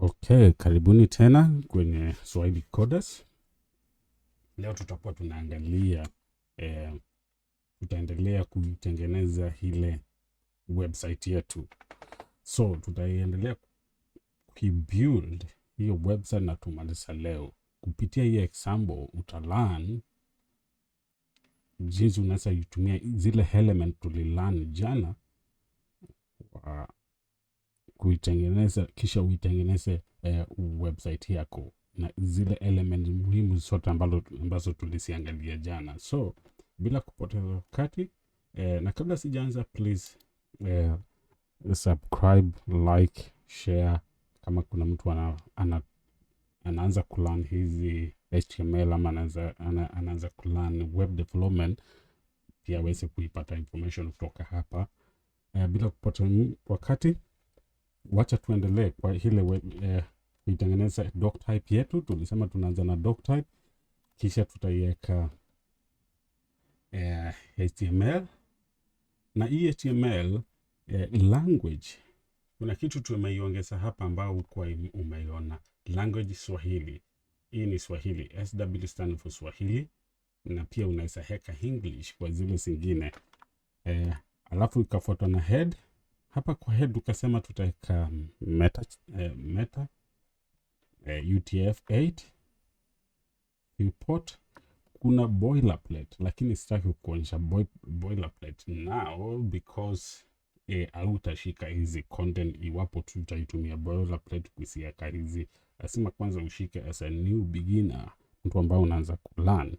Okay, karibuni tena kwenye Swahili Coders. Leo tutakuwa tunaangalia eh, tutaendelea kutengeneza ile website yetu, so tutaendelea kuibuild hiyo website na tumaliza leo. Kupitia hii example utalan jinsi unaweza itumia zile element tulilan jana kuitengeneza kisha uitengeneze eh, website yako na zile element muhimu zote ambazo tuliziangalia jana. So bila kupoteza wakati eh, na kabla sijaanza, please eh, subscribe, like, share. Kama kuna mtu ana, ana, anaanza kulan hizi HTML ama anaanza, ana, anaanza kulan web development pia aweze kuipata information kutoka hapa eh, bila kupoteza wakati wacha tuendelee kwa ile eh, kuitengeneza eh, doc type yetu. Tulisema tunaanza na doc type kisha tutaiweka eh, HTML na hii HTML eh, language kuna kitu tumeiongeza hapa ambao hukuwa umeiona language Swahili. Hii ni Swahili, SW stand for Swahili, na pia unaweza heka English kwa zile zingine eh, alafu ikafuatwa na head hapa kwa head tukasema tutaweka mm, meta, eh, meta eh, utf8 import. kuna boilerplate lakini sitaki kuonyesha boilerplate now because eh, utashika hizi content iwapo tutaitumia boilerplate kusiaka hizi. Lazima kwanza ushike as a new beginner, mtu ambao unaanza kulearn,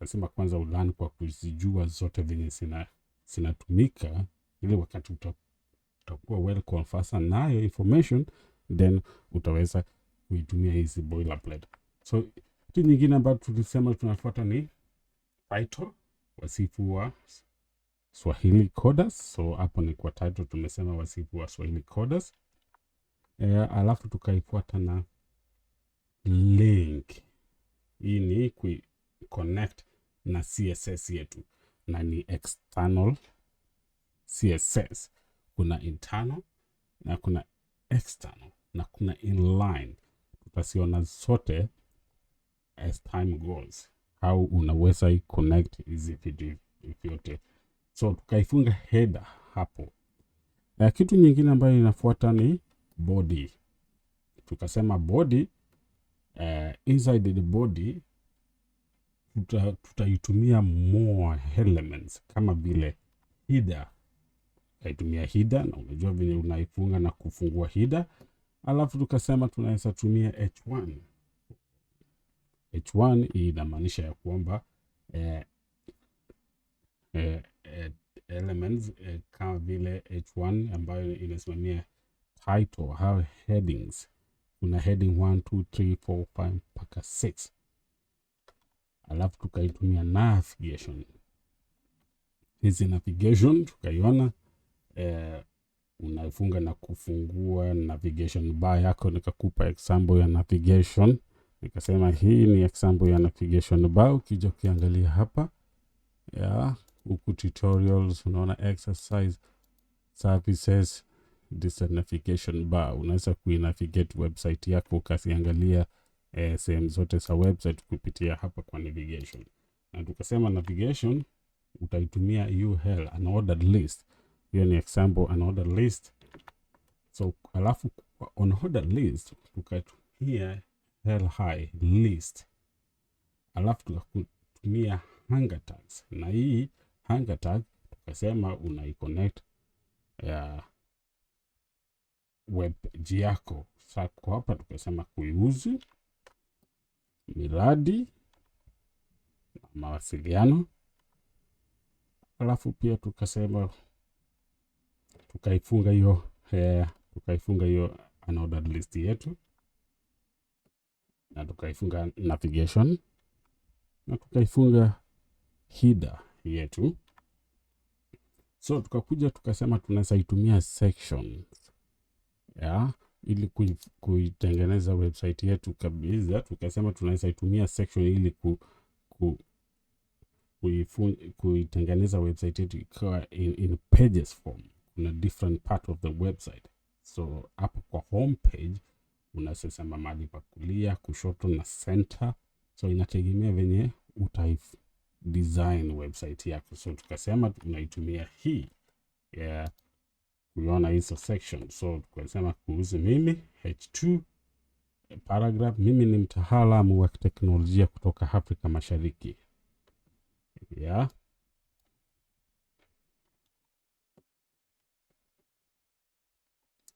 lazima kwanza ulearn kwa kuzijua zote venye zinatumika, ili wakati uta utakuwa well conversant nayo information, then utaweza kuitumia hizi boilerplate. So kitu nyingine ambayo tulisema tunafuata ni title, wasifu wa Swahili coders. So hapo ni kwa title tumesema wasifu wa Swahili coders. E, alafu tukaifuata na link. Hii ni ku connect na CSS yetu na ni external CSS kuna internal na kuna external na kuna inline. Tutasiona zote as time goes, au unaweza connect hizi vitu vyote, so tukaifunga header hapo. Na kitu nyingine ambayo inafuata ni body. Tukasema body, uh, inside the body tutaitumia tuta more elements kama vile header tukaitumia hida, na unajua vile unaifunga na kufungua hida, alafu tukasema tunaweza tumia h1. H1 hii inamaanisha ya kwamba eh, eh, eh, elements eh, kama vile h1 ambayo inasimamia title au headings. Kuna heading 1 2 3 4 5 mpaka 6 alafu tukaitumia navigation. Hizi navigation tukaiona eh, unafunga na kufungua navigation bar yako. Nikakupa example ya navigation, nikasema hii ni example ya navigation bar. Ukija ukiangalia hapa ya huku tutorials, unaona exercise services this navigation bar, unaweza kuinavigate website yako ukasiangalia eh, sehemu zote za website kupitia hapa kwa navigation, na tukasema navigation utaitumia UL, an ordered list Here ni example an order list. So alafu on order list tukatumia hell high list, alafu tukatumia hunger tags, na hii hunger tag tukasema connect ya web page yako. kwa hapa tukasema kuiuzi miradi na mawasiliano, alafu pia tukasema tukaifunga hiyo eh, tukaifunga hiyo unordered list yetu na tukaifunga navigation na tukaifunga header yetu. So tukakuja tukasema tunaweza itumia sections ya ili kuitengeneza website yetu kabisa. Tukasema tunaweza itumia section ili ku, ku, kuitengeneza website yetu ikawa in, in pages form kuna different part of the website. So hapo kwa homepage unasema mahali pa kulia, kushoto na center. So inategemea venye utai design website yako. So tukasema unaitumia hii yeah, kuiona hizo section. So tukasema kuhusu mimi H2 paragraph, mimi ni mtaalamu wa teknolojia kutoka Afrika Mashariki yeah.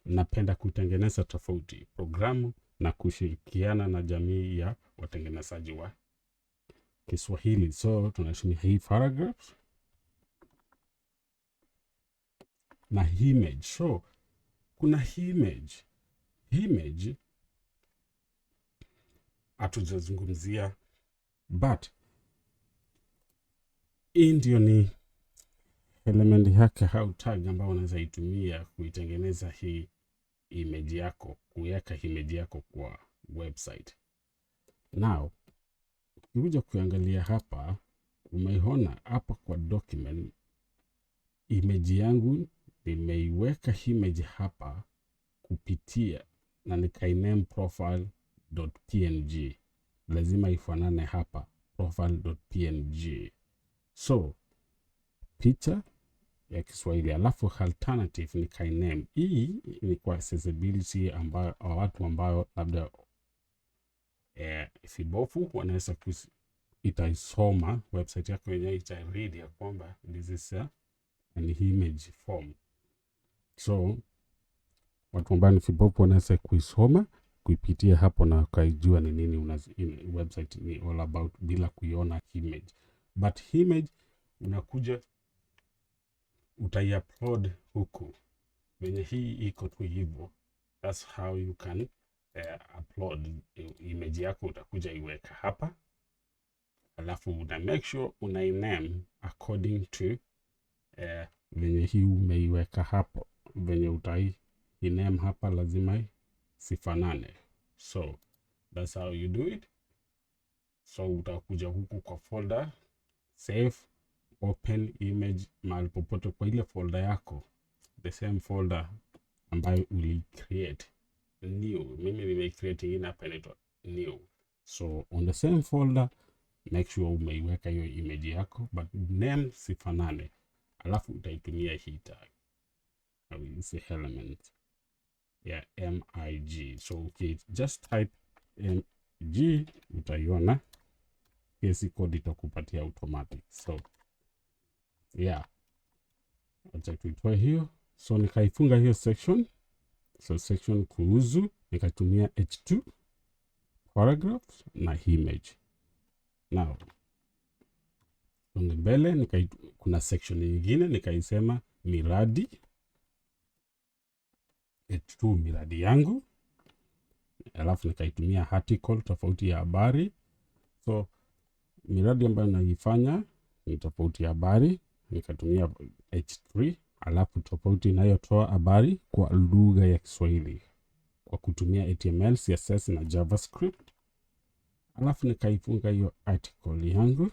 napenda kutengeneza tofauti programu na kushirikiana na jamii ya watengenezaji wa Kiswahili. So tunatumia hii paragraph na image. So kuna image, image hatujazungumzia, but hii ndio ni element hacker au tag ambayo unaweza itumia kuitengeneza hii image yako, kuweka image yako kwa website. Now ukikuja kuangalia hapa, umeiona hapa kwa document image yangu nimeiweka image hapa kupitia na nikainame profile.png, lazima ifanane hapa profile.png. So picha ya Kiswahili. Alafu alternative ni kainame. Hii ni kwa accessibility ambayo wa watu ambao labda eh, vibofu wanaweza itaisoma website yako yenyewe ita read ya kwamba this is a, an image form. So watu ambao ni vibofu wanaweza kuisoma kuipitia hapo na kaijua ni nini una, in, website ni all about bila kuiona image. But image unakuja utaiupload huku venye hii iko tu hivyo. That's how you can uh, upload image yako, utakuja iweka hapa, alafu una make sure una name according to uh, venye hii umeiweka hapo, venye utai name hapa lazima sifanane, so that's how you do it. So utakuja huku kwa folder save open image mahali popote kwa ile folder yako, the same folder ambayo uli create new. Mimi nime create ingine hapa inaitwa new, so on the same folder make sure umeiweka hiyo image yako, but name sifanane, alafu utaitumia hii tag element ya MIG. So okay, just type MG utaiona, kesi code itakupatia automatic so yeah, acha tuitoe hiyo. So nikaifunga hiyo section, so section kuhusu, nikatumia h2 paragraph na image. Now mbele nika, kuna section nyingine nikaisema miradi h2 miradi yangu, alafu nikaitumia article tofauti ya habari. So miradi ambayo naifanya ni tofauti ya habari nikatumia H3, alafu tofauti inayotoa habari kwa lugha ya Kiswahili kwa kutumia HTML, CSS na JavaScript. Alafu nikaifunga hiyo article yangu,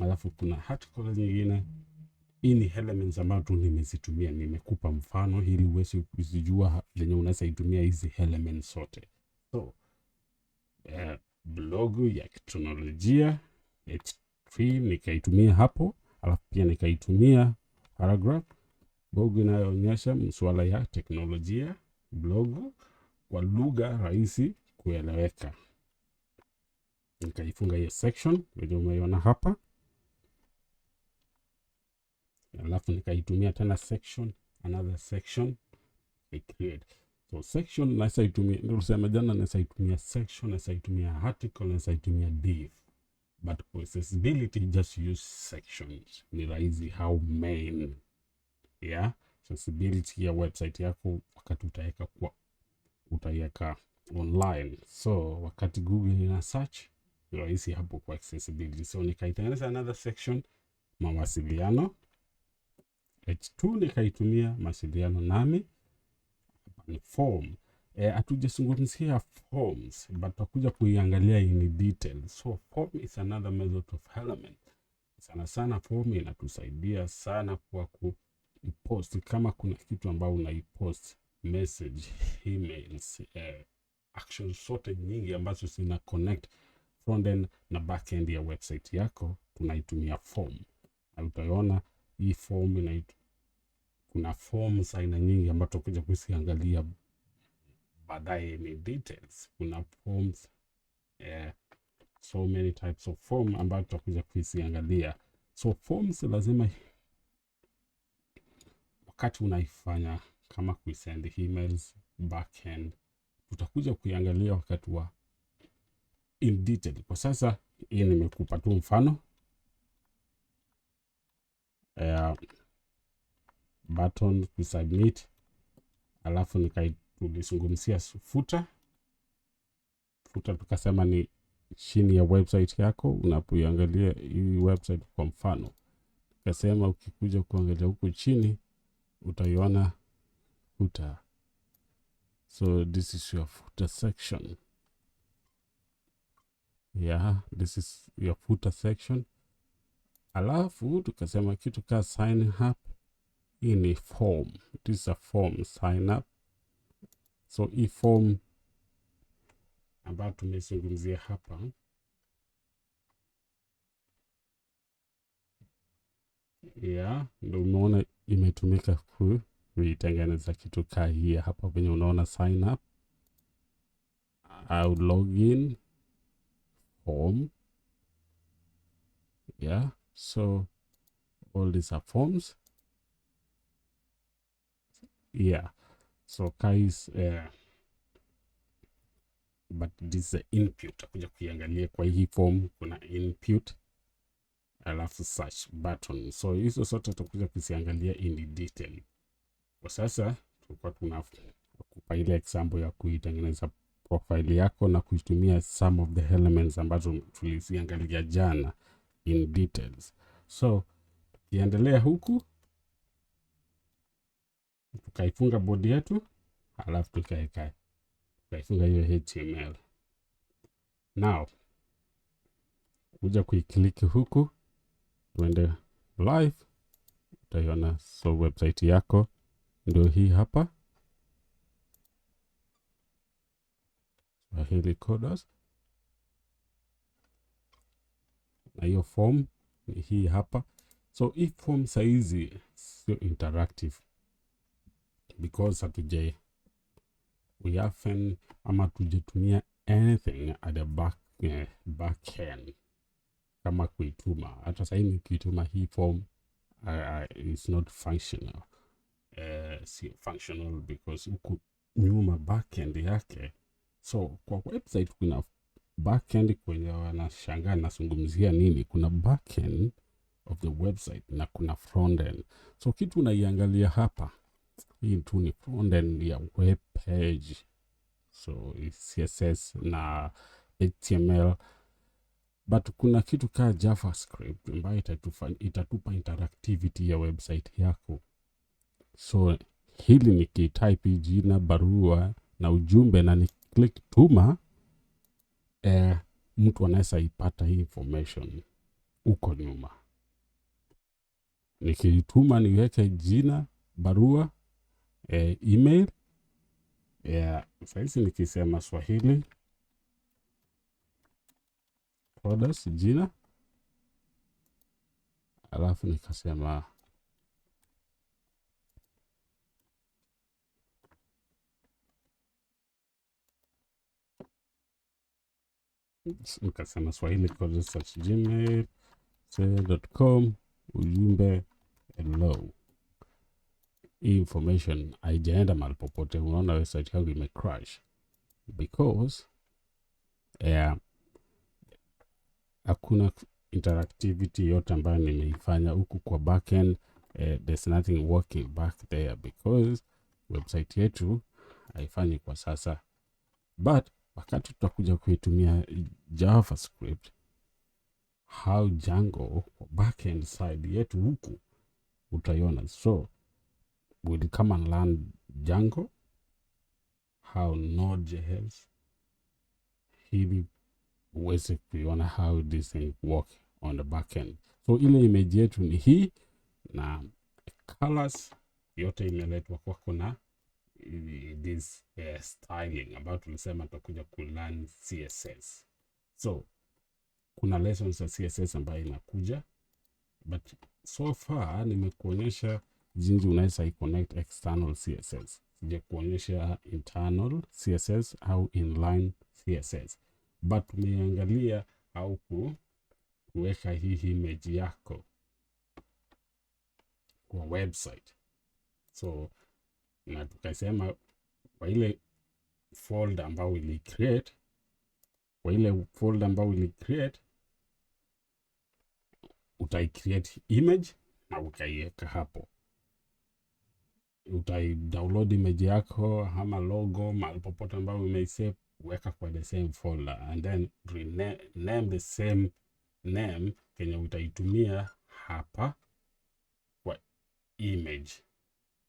alafu kuna article nyingine. Hii ni elements ambazo tu nimezitumia, nimekupa mfano ili uweze kuzijua zenye unaweza itumia hizi elements zote. So, uh, blogu ya kiteknolojia tree nikaitumia hapo, alafu pia nikaitumia paragraph blog inayoonyesha masuala ya teknolojia blog kwa lugha rahisi kueleweka. Nikaifunga hiyo section yenye umeiona hapa, alafu nikaitumia tena section another section I create. So section naweza itumia, ndio sema jana, naweza itumia section, naweza itumia article, naweza itumia div but for accessibility just use sections, ni rahisi how main yeah. Accessibility ya website yako wakati utaweka kwa utaweka online, so wakati Google ina search ni rahisi hapo kwa accessibility. So nikaitengeneza another section mawasiliano H2, nikaitumia mawasiliano nami ni form Eh, hatujazungumzia eh, forms but tutakuja kuiangalia in detail. So form is another method of element. Sana sana form inatusaidia sana kwa kupost, kama kuna kitu ambao unaipost message, emails, eh, actions zote nyingi ambazo zina connect front end na back end ya website yako tunaitumia form, na utaona hii form ina kuna forms aina nyingi ambazo tutakuja kuziangalia baadaye ni details. Kuna forms eh, so many types of form ambayo tutakuja kuziangalia. So forms lazima wakati unaifanya kama kuisend emails backend, tutakuja kuiangalia wakati wa in detail. Kwa sasa hii nimekupa tu mfano eh, button submit alafu nikai tulizungumzia futa futa, tukasema ni chini ya website yako unapoiangalia hii website. Kwa mfano, tukasema ukikuja kuangalia huku chini utaiona futa, so this is your footer section. Yeah, this is your footer section. Alafu tukasema kitu ka sign up. Hii ni form, this is a form sign up So hii form ambayo tumezungumzia hapa yeah, ndo umeona imetumika kuitengeneza kitu kaa hii hapa venye unaona sign up au login form yeah, so all these are forms yeah So guys, uh, eh, but this is input. Kuja kuiangalia kwa hii form, kuna input alafu search button. So hizo zote tutakuja kuziangalia in detail. Kwa sasa tulikuwa tunakupa ile example ya kuitengeneza profile yako na kuitumia some of the elements ambazo tuliziangalia jana in details. So tukiendelea huku tukaifunga bodi yetu, alafu tukaeka tukaifunga hiyo HTML. Now kuja kuikliki huku, tuende live, utaiona. So website yako ndio hii hapa Swahili Coders, na hiyo form ni hii hapa. So hii form saizi sio interactive because hatuje we often ama tujetumia anything at the back, eh, back end kama kuituma. Hata sasa hivi kuituma hii form uh, is not functional uh, si functional because huku nyuma end yake. So kwa website kuna end kwenye wanashangaa nazungumzia nini, kuna end of the website na kuna end So kitu unaiangalia hapa into ni end ya web page, so CSS na HTML, but kuna kitu kaa JavaScript ambayo itatupa, itatupa interactivity ya website yako. So hili nikitype jina barua na ujumbe na ni click tuma, eh, mtu anaweza ipata hii information huko nyuma. Nikituma niweke jina barua e, email ya Sahizi nikisema Swahili Coders jina, alafu nikasema nikasema Swahili Coders at gmail.com, ujumbe hello hii information haijaenda mahali popote. Unaona website yangu ime crash because yeah, hakuna interactivity yote ambayo nimeifanya huku kwa backend. Uh, there's nothing working back there because website yetu haifanyi kwa sasa, but wakati tutakuja kuitumia JavaScript how Django backend side yetu huku utaiona so will come and learn Django, how Node.js, ili uweze kuiona how this thing work on the end. So ile image yetu ni hii na colors yote imeletwa kwako na this uh, styling ambayo tulisema tutakuja learn CSS. So kuna lessons za CSS ambayo inakuja, but so far nimekuonyesha jinsi unaweza iconnect external CSS. Sija kuonyesha internal CSS au inline CSS, but tumeangalia au kuweka hii image yako kwa website. So na tukasema kwa ile folder ambayo ili create kwa ile folder ambayo ili create utai create image na ukaiweka hapo utai download image yako ama logo mahali popote ambayo umeisave, weka kwa the same folder and then rename the same name kenye utaitumia hapa kwa image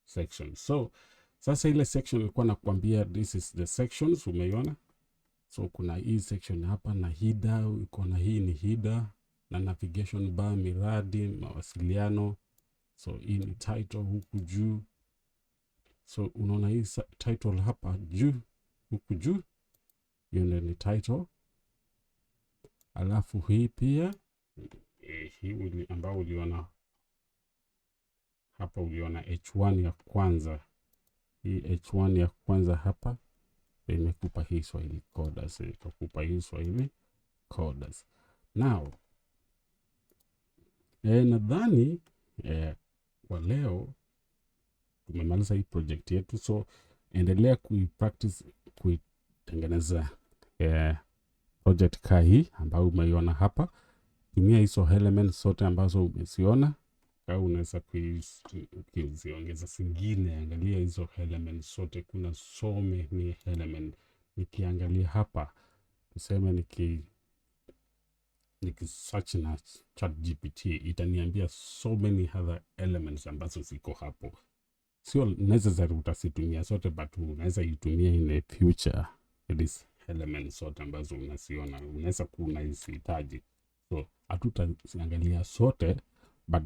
section. So sasa ile section ilikuwa nakwambia, this is the sections, umeiona? So kuna hii section hapa na hida, iko na hii ni hida na navigation bar, miradi, mawasiliano. So hii ni title huku juu So unaona hii title hapa juu, huku juu, hiyo ndio ni title. Alafu hii pia eh, hii ambao uliona hapa, uliona H1 ya kwanza, hii H1 ya kwanza hapa imekupa hii Swahili coders, ikakupa hii Swahili coders. Now eh, nadhani eh, kwa leo tumemaliza hii project yetu, so endelea kuipractice kuitengeneza eh, project kaa hii ambayo umeiona hapa. Tumia hizo elements zote ambazo umeziona, au unaweza kuziongeza zingine. Angalia hizo elements zote, kuna so many elements. Nikiangalia hapa tuseme niki nikisearch na ChatGPT itaniambia so many other elements ambazo ziko hapo sio necessary utasitumia sote, but unaweza itumia in the future this element sote ambazo unasiona unaweza kuwa unazihitaji, so hatutaziangalia sote, but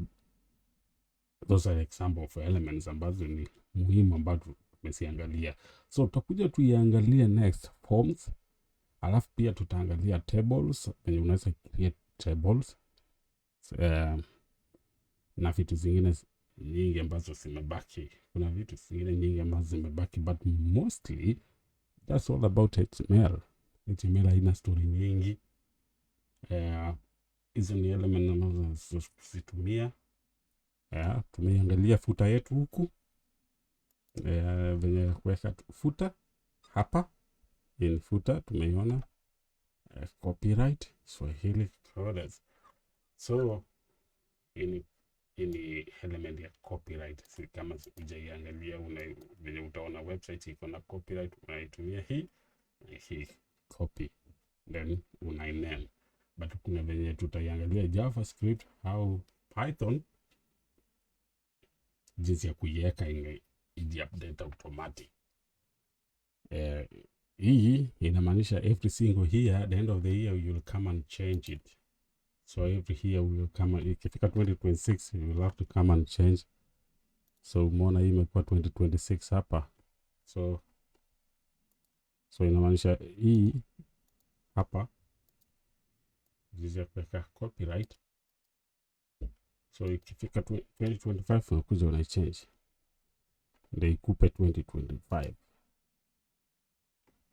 those are example of elements ambazo ni muhimu ambazo tumesiangalia so tutakuja tuiangalie next forms, alafu pia tutaangalia tables, venye unaweza create tables uh, na vitu zingine nyingi ambazo zimebaki. Kuna vitu zingine nyingi ambazo zimebaki, but mostly that's all about HTML. HTML haina stori nyingi. Eh, hizo uh, ni element ambazo zitumia. Yeah, tumeiangalia futa yetu huku uh, venye kuweka futa hapa in futa tumeiona uh, copyright Swahili Coders so in hii ni element ya copyright. Kama hujaiangalia venye utaona website iko na copyright, unaitumia hii hii copy then unainame, but kuna venye tutaiangalia JavaScript au Python jinsi ya kuiweka ije update automatic. Eh, hii inamaanisha every single year at the end of the year will come and change it So every year we will come, eh, ikifika 2026 we will have to come and change. So umeona hii imekuwa 2026 hapa, so so inamaanisha hii hapa zizi ya kuweka copyright. So ikifika 2025 unakuja unaichange ndio ikupe 2025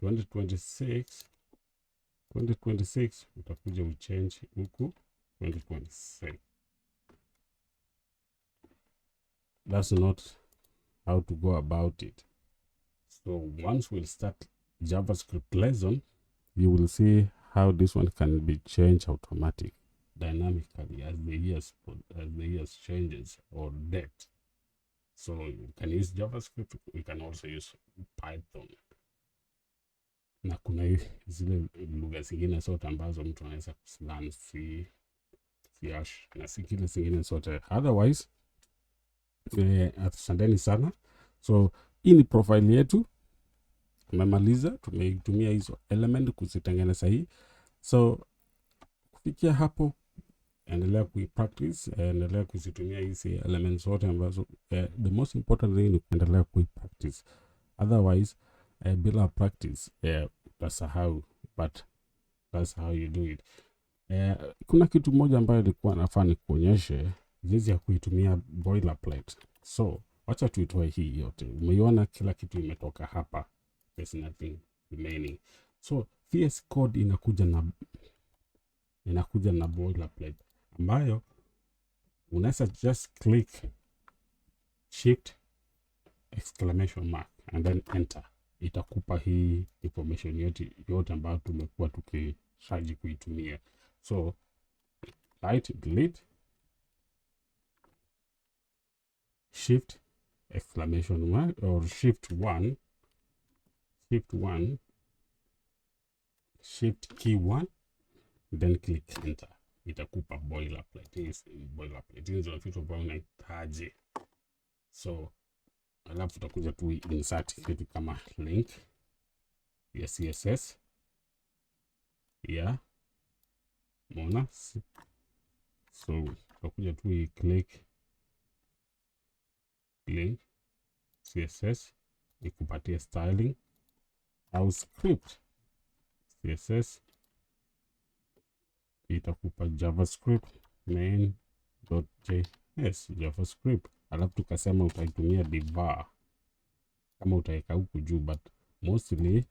2026 2026 utakuja uchange huku 20.3. That's not how to go about it. So once we start JavaScript lesson, you will see how this one can be changed automatic dynamically as the years as the years changes or depth. So you can use JavaScript, we can also use Python na kuna zile lugha zingine zote ambazo mtu anaweza kulearn C Kiash na zingine zingine zote, otherwise eh, asanteni sana. So hii ni profile yetu, tumemaliza, tumeitumia hizo element kuzitengeneza hii. So kufikia hapo, endelea kuipractice, endelea kuzitumia hizi element zote ambazo, eh, the most important thing ni kuendelea kuipractice, otherwise eh, bila practice eh, utasahau, but that's how you do it. Eh, kuna kitu moja ambayo ilikuwa nafaa ni kuonyeshe jinsi ya kuitumia boilerplate. So wacha tuitoe hii yote. Umeiona kila kitu imetoka hapa. There's nothing remaining. So VS Code inakuja na inakuja na boilerplate ambayo unaweza just click shift exclamation mark and then enter, itakupa hii information yote yote ambayo tumekuwa tukishaji kuitumia. So right delete shift exclamation mark or shift one shift one shift key one then click enter itakupa boilerplate boilerplate hizo na vitu ambavyo unahitaji so alafu utakuja tu insert kitu kama link ya css ya yeah. Umeona? So tutakuja tu hii click link CSS ikupatie styling au script CSS itakupa javascript main.js javascript, alafu tukasema utaitumia divar kama utaweka huku juu, but mostly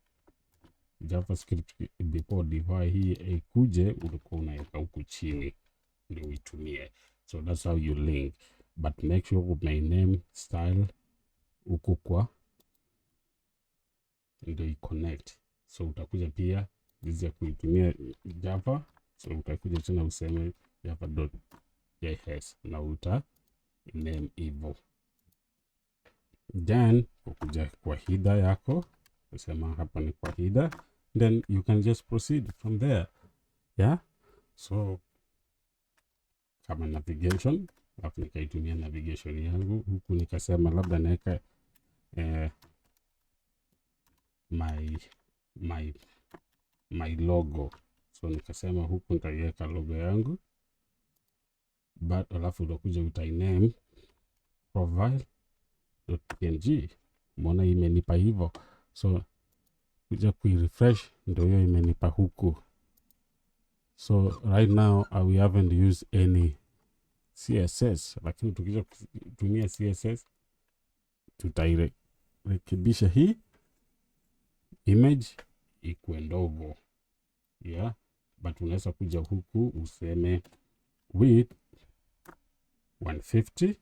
JavaScript before divai hii ikuje, ulikuwa unaweka huku chini ndio uitumie. So that's how you link, but make sure una name style huku kwa ndio iconnect. So utakuja pia jinsi ya kuitumia Java, so utakuja tena useme java.js na uta name hivyo, then ukuja kwa hida yako usema hapa ni kwa hida then you can just proceed from there yeah so kama navigation alafu nikaitumia navigation yangu huku nikasema labda naweka eh, my, my, my logo so nikasema huku nitaiweka logo yangu but alafu utakuja utainame profile.png mbona imenipa hivyo so kuja kuirefresh ndio hiyo imenipa huku. So right now uh, we haven't used any CSS, lakini tukija kutumia CSS tutairekebisha hii image ikuwe ndogo yeah, but unaweza kuja huku useme width 150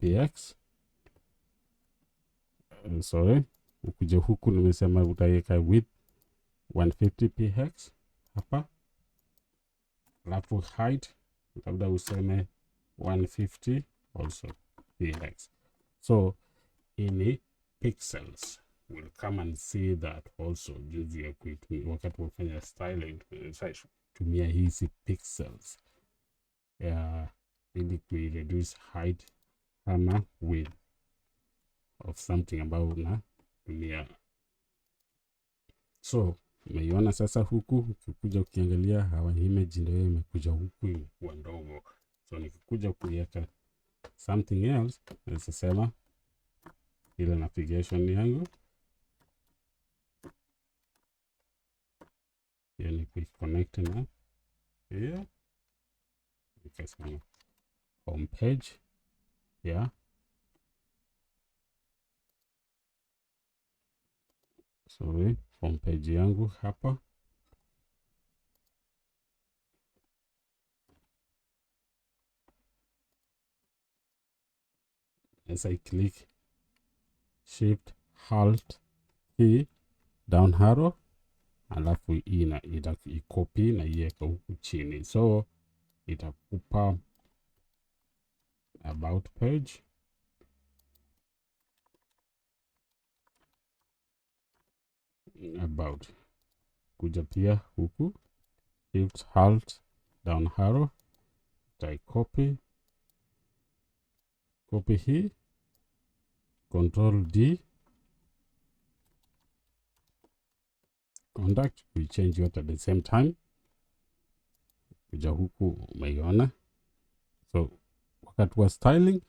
px sorry, ukuje huku nimesema utaweka width 150 px hapa, alafu height labda useme 150 also px. So in pixels will come and see that also, jinsi ya kuitumia wakati wa kufanya styling, tumia hizi pixels uh, ili kuireduce height ama width of something ambayo unatumia. So umeiona sasa, huku ukikuja ukiangalia hawa image ndio imekuja huku imekuwa ndogo. So nikikuja kuiweka something else, sema ile navigation yangu hiyo ni kuiconnect na hiyo, nikasema homepage ya sorry, from page yangu hapa. As I click shift halt hii down arrow, alafu hii na ikopi na iweka huku chini, so itakupa about page about. Kuja pia huku shift halt down arrow, copy copy hii control D conduct we change yote at the same time. Kuja huku umeiona, so wakati wa styling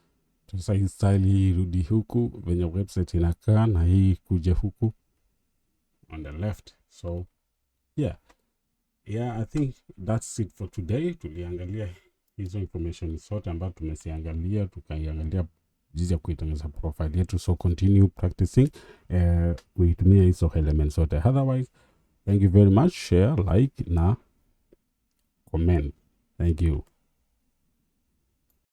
tusahi style hii irudi huku venye website inakaa, na hii kuja huku on the left. So yeah, yeah, I think that's it for today. Tuliangalia hizo information sote ambazo tumesiangalia, tukaiangalia jinsi ya kuitengeneza profile yetu. So continue practicing uh, kuitumia hizo elements zote. Otherwise, thank you very much, share, like na comment. Thank you.